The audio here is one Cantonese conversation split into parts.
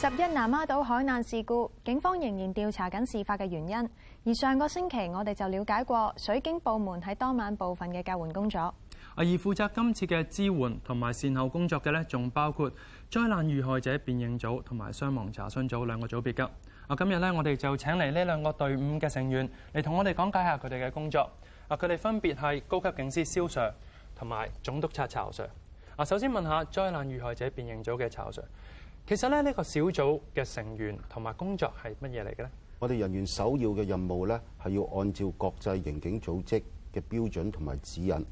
十一南丫島海難事故，警方仍然調查緊事發嘅原因。而上個星期我哋就了解過水警部門喺當晚部分嘅救援工作。而負責今次嘅支援同埋善後工作嘅呢，仲包括災難遇害者辨認組同埋傷亡查詢組兩個組別嘅。啊，今日呢，我哋就請嚟呢兩個隊伍嘅成員嚟同我哋講解下佢哋嘅工作。啊，佢哋分別係高級警司蕭 Sir 同埋總督察巢 Sir。啊，首先問下災難遇害者辨認組嘅巢 Sir。其實咧，呢個小組嘅成員同埋工作係乜嘢嚟嘅呢？我哋人員首要嘅任務咧，係要按照國際刑警組織嘅標準同埋指引，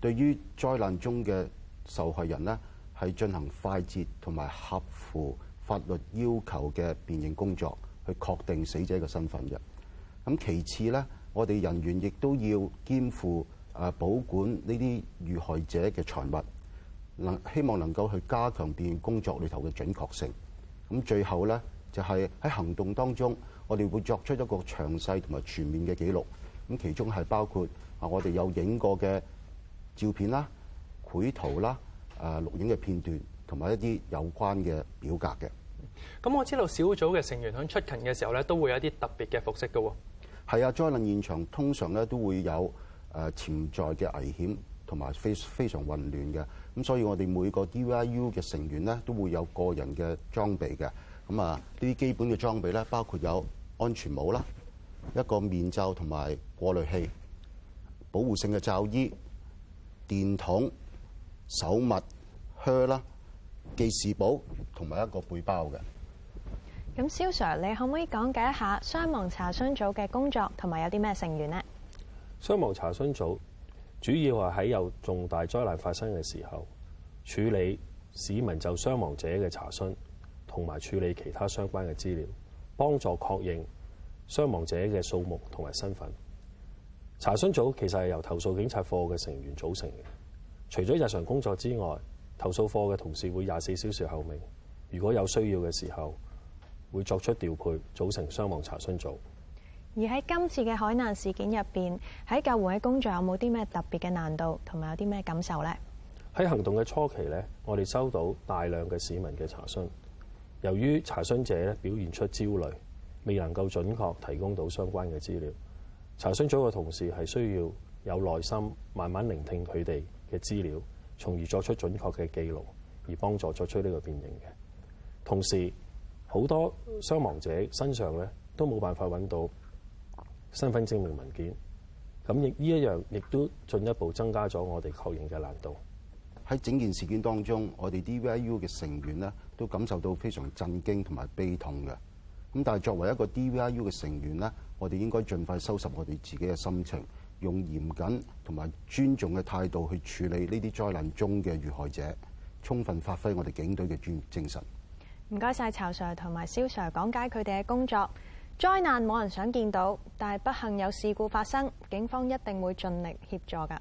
對於災難中嘅受害人呢，係進行快捷同埋合乎法律要求嘅辨認工作，去確定死者嘅身份嘅。咁其次咧，我哋人員亦都要肩負誒保管呢啲遇害者嘅財物。能希望能夠去加強電影工作裏頭嘅準確性。咁最後咧，就係喺行動當中，我哋會作出一個詳細同埋全面嘅記錄，咁其中係包括啊，我哋有影過嘅照片啦、繪圖啦、誒錄影嘅片段同埋一啲有關嘅表格嘅。咁我知道小組嘅成員響出勤嘅時候咧，都會有一啲特別嘅服飾嘅喎。係啊，災難現場通常咧都會有誒潛在嘅危險。同埋非非常混亂嘅，咁所以我哋每個 DVIU 嘅成員咧都會有個人嘅裝備嘅，咁啊呢啲基本嘅裝備咧包括有安全帽啦，一個面罩同埋過濾器，保護性嘅罩衣、電筒、手襪、靴啦、記事簿同埋一個背包嘅。咁，蕭 sir，你可唔可以講解一下傷亡查詢組嘅工作同埋有啲咩成員咧？傷亡查詢組。主要係喺有重大災難發生嘅時候，處理市民就傷亡者嘅查詢，同埋處理其他相關嘅資料，幫助確認傷亡者嘅數目同埋身份。查詢組其實係由投訴警察課嘅成員組成嘅，除咗日常工作之外，投訴課嘅同事會廿四小時候命，如果有需要嘅時候，會作出調配，組成傷亡查詢組。而喺今次嘅海難事件入邊，喺救援嘅工作有冇啲咩特別嘅難度，同埋有啲咩感受咧？喺行動嘅初期咧，我哋收到大量嘅市民嘅查詢，由於查詢者咧表現出焦慮，未能夠準確提供到相關嘅資料。查詢組嘅同事係需要有耐心，慢慢聆聽佢哋嘅資料，從而作出準確嘅記錄，而幫助作出呢個辨認嘅。同時，好多傷亡者身上咧都冇辦法揾到。身份證明文件，咁亦呢一樣亦都進一步增加咗我哋確認嘅難度。喺整件事件當中，我哋 DVIU 嘅成員呢都感受到非常震驚同埋悲痛嘅。咁但係作為一個 DVIU 嘅成員呢，我哋應該盡快收拾我哋自己嘅心情，用嚴謹同埋尊重嘅態度去處理呢啲災難中嘅遇害者，充分發揮我哋警隊嘅專業精神。唔該晒，巢 Sir 同埋蕭 Sir 講解佢哋嘅工作。災難冇人想見到，但係不幸有事故發生，警方一定會盡力協助噶。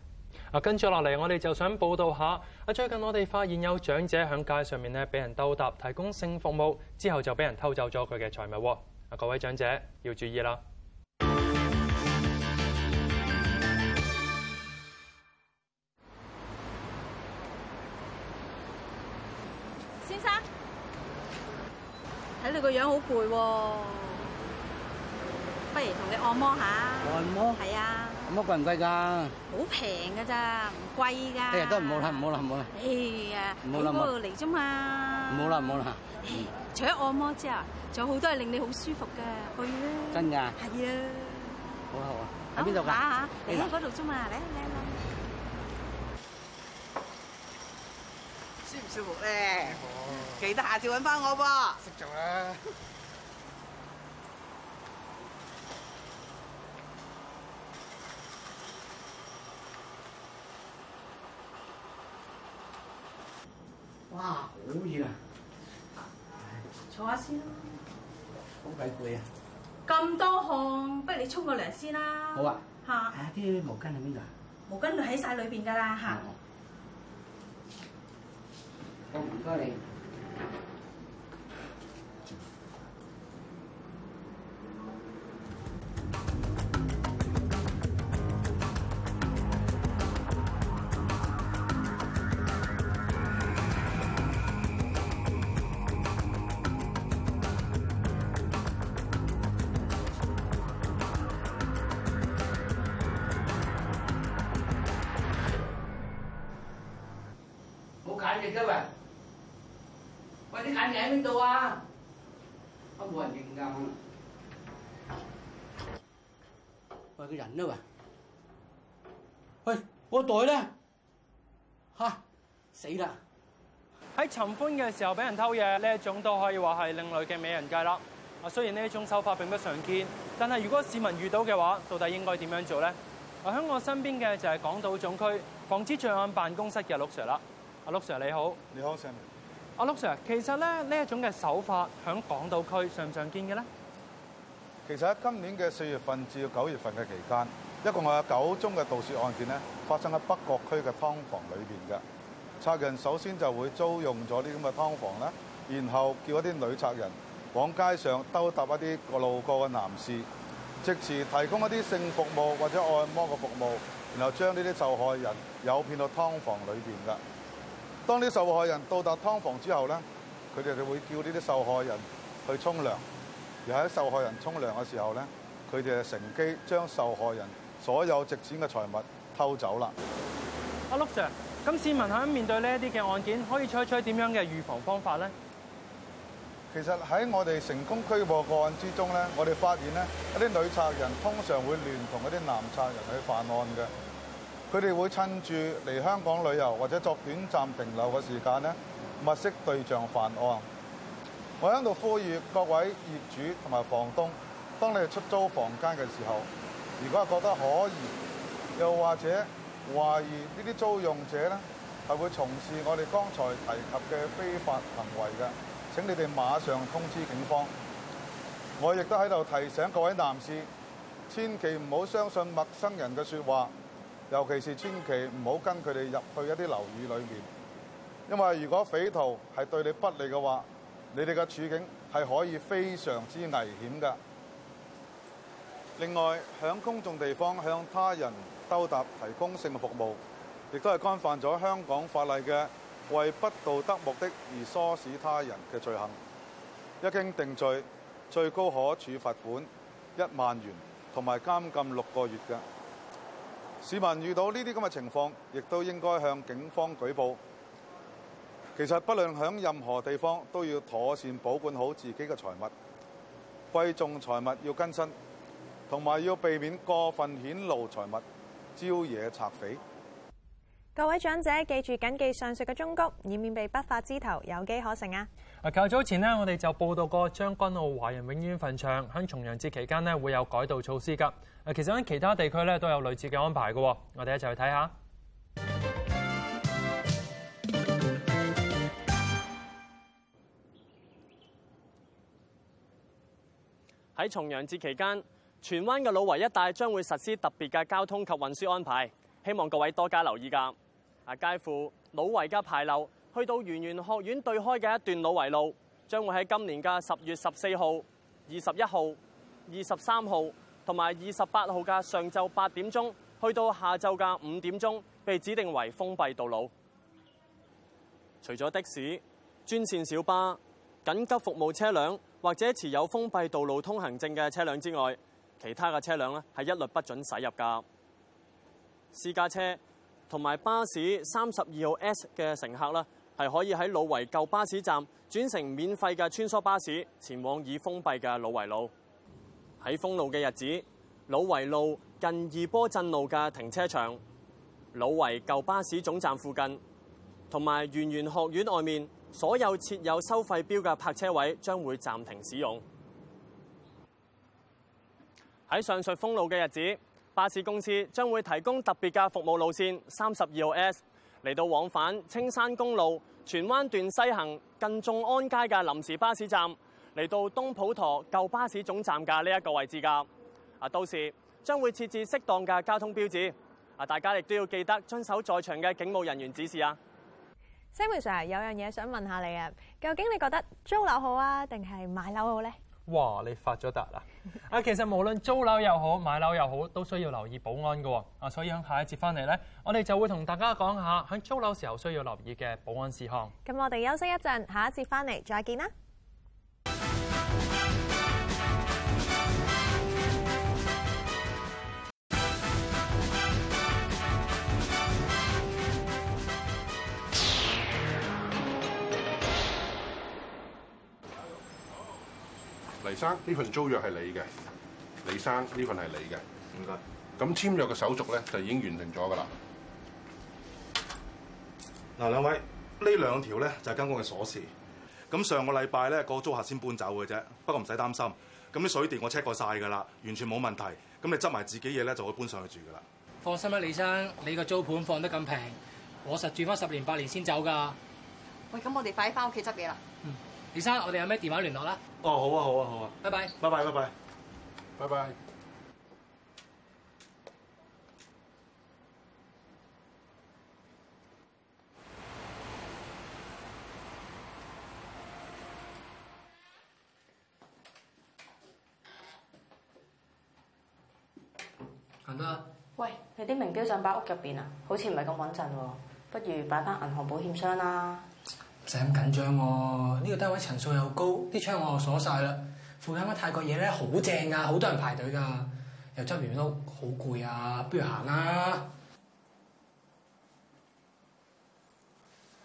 啊，跟住落嚟，我哋就想報道下啊，最近我哋發現有長者喺街上面咧，俾人兜搭提供性服務，之後就俾人偷走咗佢嘅財物。啊，各位長者要注意啦。先生，睇你個樣好攰。不如同你按摩下。按摩。係啊。咁樣貴唔貴噶？好平噶咋，唔貴噶。一日都唔好啦，唔好啦，唔好啦。哎呀。唔好啦，唔好啦。嚟啫嘛。唔好啦，唔好啦。除咗按摩之後，仲有好多係令你好舒服噶。去啦。真噶？係啊。好啊好啊，喺邊度噶？嚟你嗰度啫嘛，嚟嚟啦。舒唔舒服咧？記得下次揾翻我噃。識做啦。哇，好熱啊！坐下先啦，好鬼攰啊！咁多汗，不如你沖個涼先啦。好啊，嚇、啊！啲、啊、毛巾喺邊度啊？毛巾喺晒裏邊㗎啦，我唔該你。嗯袋咧嚇死啦！喺尋歡嘅時候俾人偷嘢呢一種都可以話係另類嘅美人計啦。啊，雖然呢一種手法並不常見，但係如果市民遇到嘅話，到底應該點樣做咧？啊，喺我身邊嘅就係港島總區防止罪案辦公室嘅盧 Sir 啦。阿盧 Sir 你好，你好 Sir。阿盧 Sir 其實咧呢一種嘅手法喺港島區常唔常見嘅咧？其實喺今年嘅四月份至到九月份嘅期間，一共有九宗嘅盜竊案件咧，發生喺北角區嘅劏房裏面的。嘅。賊人首先就會租用咗呢咁嘅劏房咧，然後叫一啲女賊人往街上兜搭一啲路過嘅男士，藉詞提供一啲性服務或者按摩嘅服務，然後將呢啲受害人誘騙到劏房裏面。嘅。當啲受害人到達劏房之後咧，佢哋就會叫呢啲受害人去沖涼，而喺受害人沖涼嘅時候咧，佢哋就乘機將受害人所有值錢嘅財物偷走啦！阿 Lu Sir，咁市民響面對呢一啲嘅案件，可以採取點樣嘅預防方法咧？其實喺我哋成功拘捕個案之中咧，我哋發現咧，一啲女賊人通常會聯同一啲男賊人去犯案嘅。佢哋會趁住嚟香港旅遊或者作短暫停留嘅時間咧，物色對象犯案。我響度呼籲各位業主同埋房東，當你哋出租房間嘅時候。如果覺得可疑，又或者懷疑呢啲租用者咧係會從事我哋剛才提及嘅非法行為嘅，請你哋馬上通知警方。我亦都喺度提醒各位男士，千祈唔好相信陌生人嘅說話，尤其是千祈唔好跟佢哋入去一啲樓宇裏面，因為如果匪徒係對你不利嘅話，你哋嘅處境係可以非常之危險嘅。另外，響公眾地方向他人兜搭提供性服務，亦都係干犯咗香港法例嘅為不道德目的而唆使他人嘅罪行。一經定罪，最高可處罰款一萬元，同埋監禁六個月嘅。市民遇到呢啲咁嘅情況，亦都應該向警方舉報。其實，不論喺任何地方，都要妥善保管好自己嘅財物，貴重財物要跟身。同埋要避免過分顯露財物，招惹賊匪。各位長者，記住謹記上述嘅忠告，以免被不法之徒有機可乘啊！啊，較早前呢，我哋就報道過將軍澳華人永遠墳場喺重陽節期間呢，會有改道措施㗎。啊，其實喺其他地區咧都有類似嘅安排嘅。我哋一齊去睇下。喺重陽節期間，荃灣嘅老圍一帶將會實施特別嘅交通及運輸安排，希望各位多加留意㗎。啊，介乎老圍嘅牌樓去到圓玄學院對開嘅一段老圍路，將會喺今年嘅十月十四號、二十一號、二十三號同埋二十八號嘅上晝八點鐘去到下晝嘅五點鐘，被指定為封閉道路。除咗的士、專線小巴、緊急服務車輛或者持有封閉道路通行證嘅車輛之外，其他嘅車輛咧係一律不准駛入噶。私家車同埋巴士三十二號 S 嘅乘客啦，係可以喺老圍舊巴士站轉乘免費嘅穿梭巴士，前往已封閉嘅老圍路。喺封路嘅日子，老圍路近二波鎮路嘅停車場、老圍舊巴士總站附近同埋圓玄學院外面所有設有收費標嘅泊車位將會暫停使用。喺上述封路嘅日子，巴士公司將會提供特別嘅服務路線三十二號 S，嚟到往返青山公路荃灣段西行近眾安街嘅臨時巴士站，嚟到東普陀舊巴士總站嘅呢一個位置噶。啊，到時將會設置適當嘅交通標誌。啊，大家亦都要記得遵守在場嘅警務人員指示啊。Sammy Sir，有樣嘢想問下你啊，究竟你覺得租樓好啊，定係買樓好咧？哇！你發咗達啦！啊，其實無論租樓又好，買樓又好，都需要留意保安㗎。啊，所以喺下一節翻嚟咧，我哋就會同大家講下喺租樓時候需要留意嘅保安事項。咁我哋休息一陣，下一節翻嚟再見啦。黎生，呢份租約係你嘅。黎生，呢份係你嘅。唔該。咁簽約嘅手續咧就已經完成咗㗎啦。嗱，兩位呢兩條咧就係間屋嘅鎖匙。咁上個禮拜咧個租客先搬走嘅啫。不過唔使擔心。咁啲水電我 check 過晒㗎啦，完全冇問題。咁你執埋自己嘢咧就可以搬上去住㗎啦。放心啦，黎生，你個租盤放得咁平，我實住翻十年八年先走㗎。喂，咁我哋快啲翻屋企執嘢啦。李生，我哋有咩電話聯絡啦？哦，好啊，好啊，好啊，拜拜，拜拜，拜拜，拜拜，喂，你啲名錶想擺屋入邊啊？好似唔係咁穩陣喎，不如擺返銀行保險箱啦。唔使咁緊張喎？呢個單位層數又高，啲窗我又鎖晒啦。附近嘅泰國嘢咧好正㗎、啊，好多人排隊㗎，又周完都好攰啊，不如行啦、啊。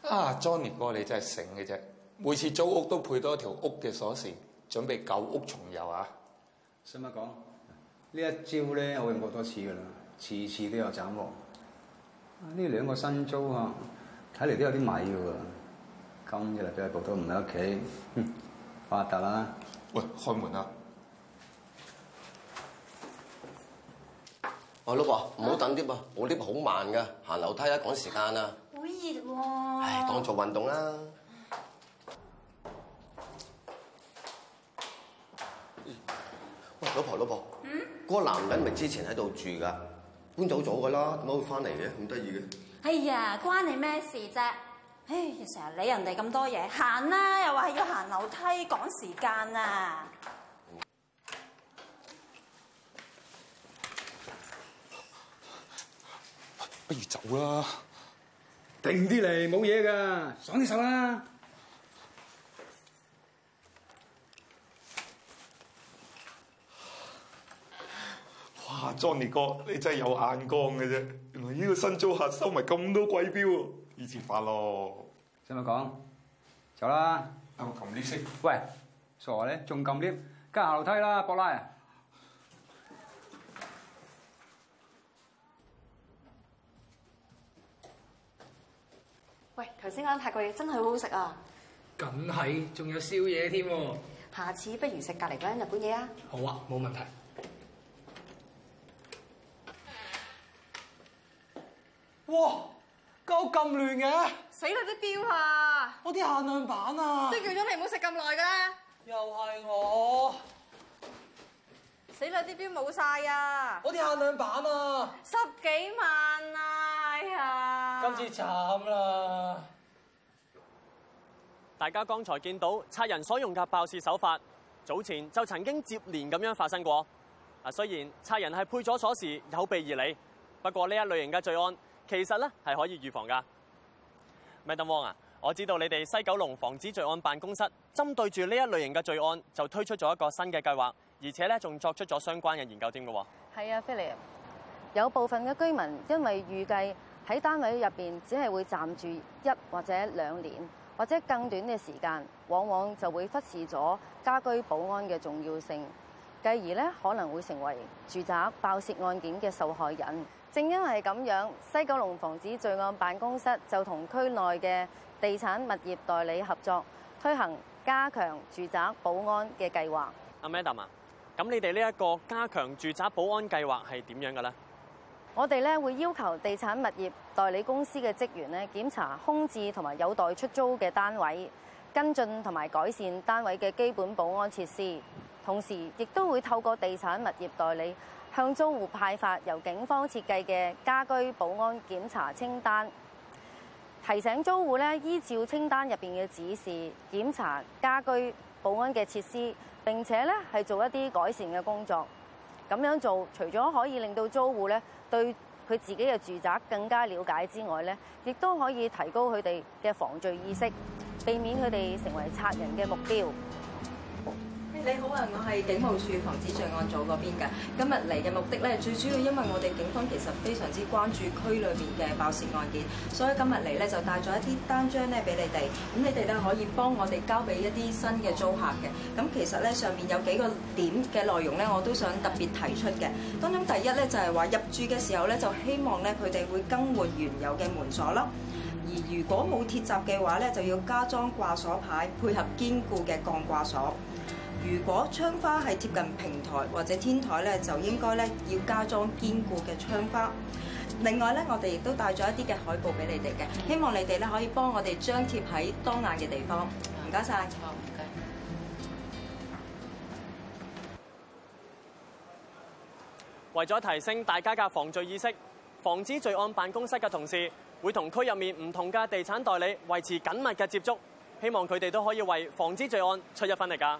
啊，Johnny 哥你真係醒嘅啫，每次租屋都配多一條屋嘅鎖匙，準備舊屋重遊啊！使乜講呢一招咧，我用過多次㗎啦，次次都有斬獲。呢兩個新租啊，睇嚟都有啲米㗎喎。今日嚟俾阿爸都唔喺屋企，發達啦！喂，開門啦！哦，老婆唔好、啊、等啲噃，我啲好慢噶，行樓梯啊，趕時間啊！好熱喎、啊！唉，當做運動啦！喂，老婆，老婆，嗯？嗰個男人咪之前喺度住噶，搬走咗噶啦，點解會翻嚟嘅？咁得意嘅？哎呀，關你咩事啫？唉，成日、哎、理人哋咁多嘢，行啦、啊！又話係要行樓梯，趕時間啊好！不如走啦，定啲嚟冇嘢噶，爽啲手啦！哇，Johnny 哥，你真係有眼光嘅啫！原來呢個新租客收埋咁多鬼錶。以前發咯，使咪講走啦！又撳你色？喂，傻咧，仲撳啲？梗係下樓梯啦，博拉！喂，頭先嗰間泰國嘢真係好好食啊！梗係，仲有宵夜添。下次不如食隔離嗰間日本嘢啊！好啊，冇問題。哇！都咁亂嘅，死啦啲錶啊！我啲限量版啊！即叫咗你唔好食咁耐嘅咧。又係我，死啦啲錶冇曬啊！我啲限量版啊！十幾萬啊哎呀！今次慘啦！大家剛才見到賊人所用嘅爆竊手法，早前就曾經接連咁樣發生過。啊，雖然賊人係配咗鎖匙有備而嚟，不過呢一類型嘅罪案。其實咧係可以預防噶，Madam Wong 啊，我知道你哋西九龍防止罪案辦公室針對住呢一類型嘅罪案就推出咗一個新嘅計劃，而且咧仲作出咗相關嘅研究添嘅喎。係啊，Philip，有部分嘅居民因為預計喺單位入邊只係會暫住一或者兩年或者更短嘅時間，往往就會忽視咗家居保安嘅重要性，繼而咧可能會成為住宅爆竊案件嘅受害人。正因為係咁樣，西九龍防止罪案辦公室就同區內嘅地產物業代理合作，推行加強住宅保安嘅計劃。阿 Madam 啊，咁你哋呢一個加強住宅保安計劃係點樣嘅呢？我哋咧會要求地產物業代理公司嘅職員咧檢查空置同埋有待出租嘅單位，跟進同埋改善單位嘅基本保安設施，同時亦都會透過地產物業代理。向租戶派發由警方設計嘅家居保安檢查清單，提醒租戶咧依照清單入面嘅指示檢查家居保安嘅設施，並且咧係做一啲改善嘅工作。咁樣做，除咗可以令到租戶咧對佢自己嘅住宅更加了解之外咧，亦都可以提高佢哋嘅防罪意識，避免佢哋成為賊人嘅目標。你好啊，我係警務處防止罪案組嗰邊嘅。今日嚟嘅目的咧，最主要因為我哋警方其實非常之關注區裏面嘅爆竊案件，所以今日嚟咧就帶咗一啲單張咧俾你哋。咁你哋咧可以幫我哋交俾一啲新嘅租客嘅。咁其實咧上面有幾個點嘅內容咧，我都想特別提出嘅。當中第一咧就係話入住嘅時候咧，就希望咧佢哋會更換原有嘅門鎖囉。而如果冇鐵閘嘅話咧，就要加裝掛鎖牌，配合堅固嘅鋼掛鎖。如果窗花係貼近平台或者天台咧，就應該咧要加裝堅固嘅窗花。另外咧，我哋亦都帶咗一啲嘅海報俾你哋嘅，希望你哋咧可以幫我哋張貼喺當眼嘅地方。唔該曬，唔該。謝謝。為咗提升大家嘅防罪意識，防止罪案辦公室嘅同事會區同區入面唔同嘅地產代理維持緊密嘅接觸，希望佢哋都可以為防止罪案出一分力㗎。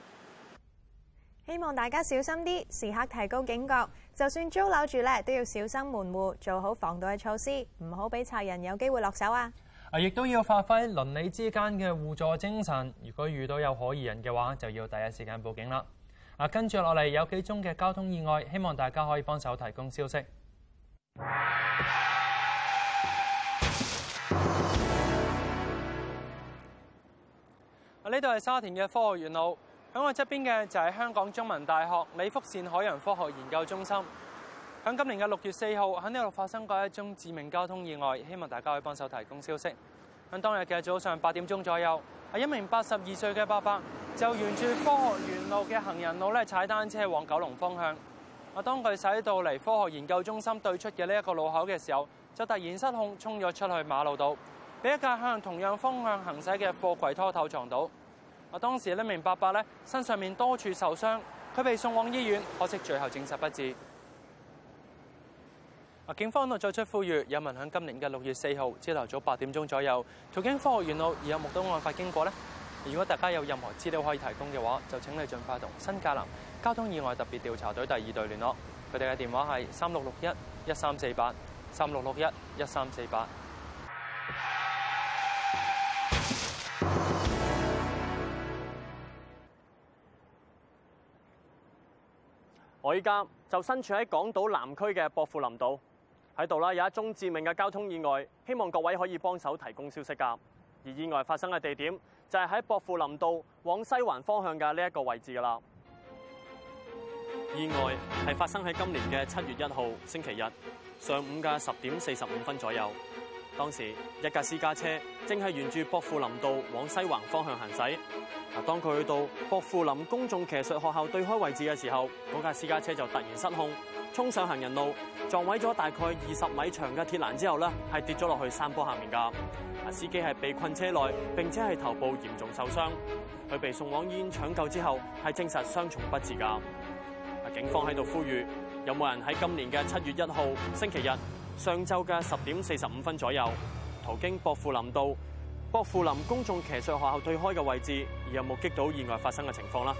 希望大家小心啲，時刻提高警覺。就算租樓住咧，都要小心門戶，做好防盜嘅措施，唔好俾賊人有機會落手啊！啊，亦都要發揮鄰里之間嘅互助精神。如果遇到有可疑人嘅話，就要第一時間報警啦。啊，跟住落嚟有幾宗嘅交通意外，希望大家可以幫手提供消息。啊，呢度係沙田嘅科學園路。喺我側邊嘅就係香港中文大學李福善海洋科學研究中心。喺今年嘅六月四號，喺呢度發生過一宗致命交通意外，希望大家可以幫手提供消息。喺當日嘅早上八點鐘左右，係一名八十二歲嘅伯伯，就沿住科學園路嘅行人路咧踩單車往九龍方向。啊，當佢駛到嚟科學研究中心對出嘅呢一個路口嘅時候，就突然失控衝咗出去馬路度，俾一架向同樣方向行駛嘅貨櫃拖頭撞到。我當時呢名伯伯咧身上面多處受傷，佢被送往醫院，可惜最後證實不治。啊，警方喺度再出呼籲，有民響今年嘅六月四號，朝頭早八點鐘左右途經科學園路，而有目睹案發經過呢，如果大家有任何資料可以提供嘅話，就請你盡快同新界南交通意外特別調查隊第二隊聯絡，佢哋嘅電話係三六六一一三四八三六六一一三四八。我依家就身處喺港島南區嘅薄扶林道喺度啦，有一宗致命嘅交通意外，希望各位可以幫手提供消息㗎。而意外發生嘅地點就係喺薄扶林道往西環方向嘅呢一個位置㗎喇。意外係發生喺今年嘅七月一號星期日上午嘅十點四十五分左右。當時一架私家車正係沿住薄扶林道往西環方向行駛，當佢去到薄扶林公衆騎術學校對開位置嘅時候，嗰架私家車就突然失控，衝上行人路，撞毀咗大概二十米長嘅鐵欄之後呢，係跌咗落去山坡下面噶。司機係被困車內，並且係頭部嚴重受傷，佢被送往醫院搶救之後，係證實傷重不治噶。警方喺度呼籲，有冇人喺今年嘅七月一號星期日，上晝嘅十點四十五分左右，途經薄扶林道薄扶林公眾騎術學校對開嘅位置，有冇目擊到意外發生嘅情況啦？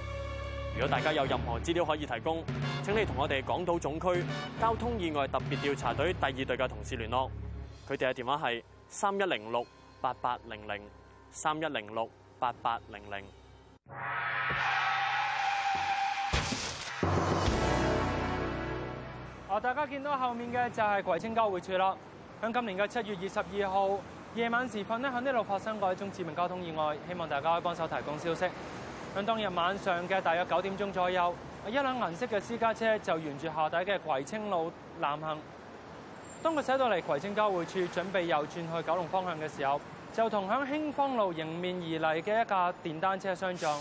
如果大家有任何資料可以提供，請你同我哋港島總區交通意外特別調查隊第二隊嘅同事聯絡，佢哋嘅電話係三一零六八八零零三一零六八八零零。大家見到後面嘅就係葵青交匯處啦。響今年嘅七月二十二號夜晚時分咧，響呢度發生過一宗致命交通意外，希望大家可以幫手提供消息。響當日晚上嘅大約九點鐘左右，一輛銀色嘅私家車就沿住下底嘅葵青路南行。當佢駛到嚟葵青交匯處，準備右轉去九龍方向嘅時候，就同響興芳路迎面而嚟嘅一架電單車相撞。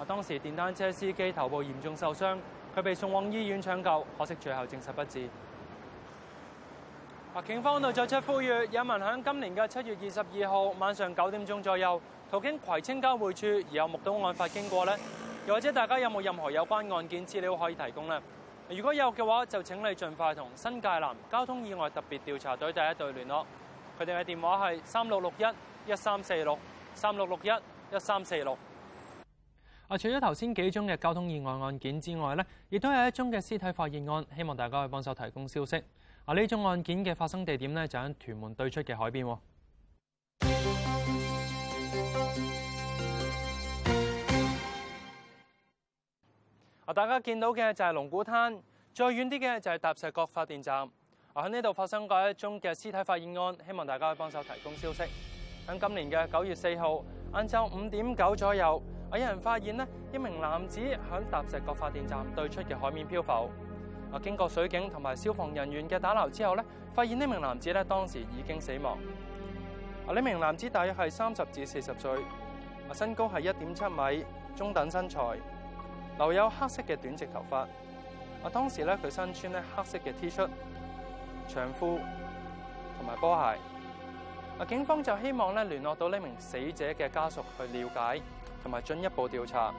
啊！當時電單車司機頭部嚴重受傷。佢被送往醫院搶救，可惜最後證實不治。警方又作出呼籲，有民響今年嘅七月二十二號晚上九點鐘左右途經葵青交匯處而有目睹案發經過呢？又或者大家有冇任何有關案件資料可以提供呢？如果有嘅話，就請你盡快同新界南交通意外特別調查隊第一隊聯絡，佢哋嘅電話係三六六一一三四六三六六一一三四六。啊！除咗頭先幾宗嘅交通意外案件之外咧，亦都有一宗嘅屍體發現案，希望大家可以幫手提供消息。啊！呢宗案件嘅發生地點咧就喺屯門對出嘅海邊。啊！大家見到嘅就係龍鼓灘，再遠啲嘅就係踏石角發電站。啊！喺呢度發生過一宗嘅屍體發現案，希望大家可以幫手提供消息。喺今年嘅九月四號晏晝五點九左右，有人發現咧，一名男子響踏石角發電站對出嘅海面漂浮。啊，經過水警同埋消防人員嘅打撈之後咧，發現呢名男子咧當時已經死亡。啊，呢名男子大約係三十至四十歲，啊，身高係一點七米，中等身材，留有黑色嘅短直頭髮。啊，當時咧佢身穿咧黑色嘅 T 恤、長褲同埋波鞋。啊，警方就希望咧聯絡到呢名死者嘅家屬去了解。同埋進一步調查，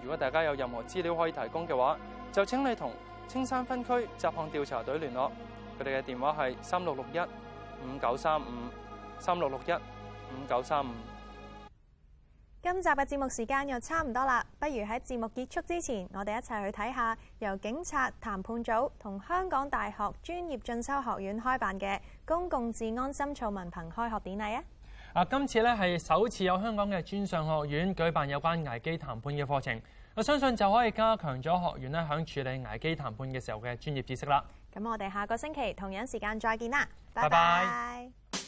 如果大家有任何資料可以提供嘅話，就請你同青山分區執行調查隊聯絡，佢哋嘅電話係三六六一五九三五三六六一五九三五。35，今集嘅節目時間又差唔多啦，不如喺節目結束之前，我哋一齊去睇下由警察談判組同香港大學專業進修學院開辦嘅公共治安心措文憑開學典禮啊！啊！今次咧係首次有香港嘅專上學院舉辦有關危機談判嘅課程，我相信就可以加強咗學員咧喺處理危機談判嘅時候嘅專業知識啦。咁我哋下個星期同樣時間再見啦。拜拜。Bye bye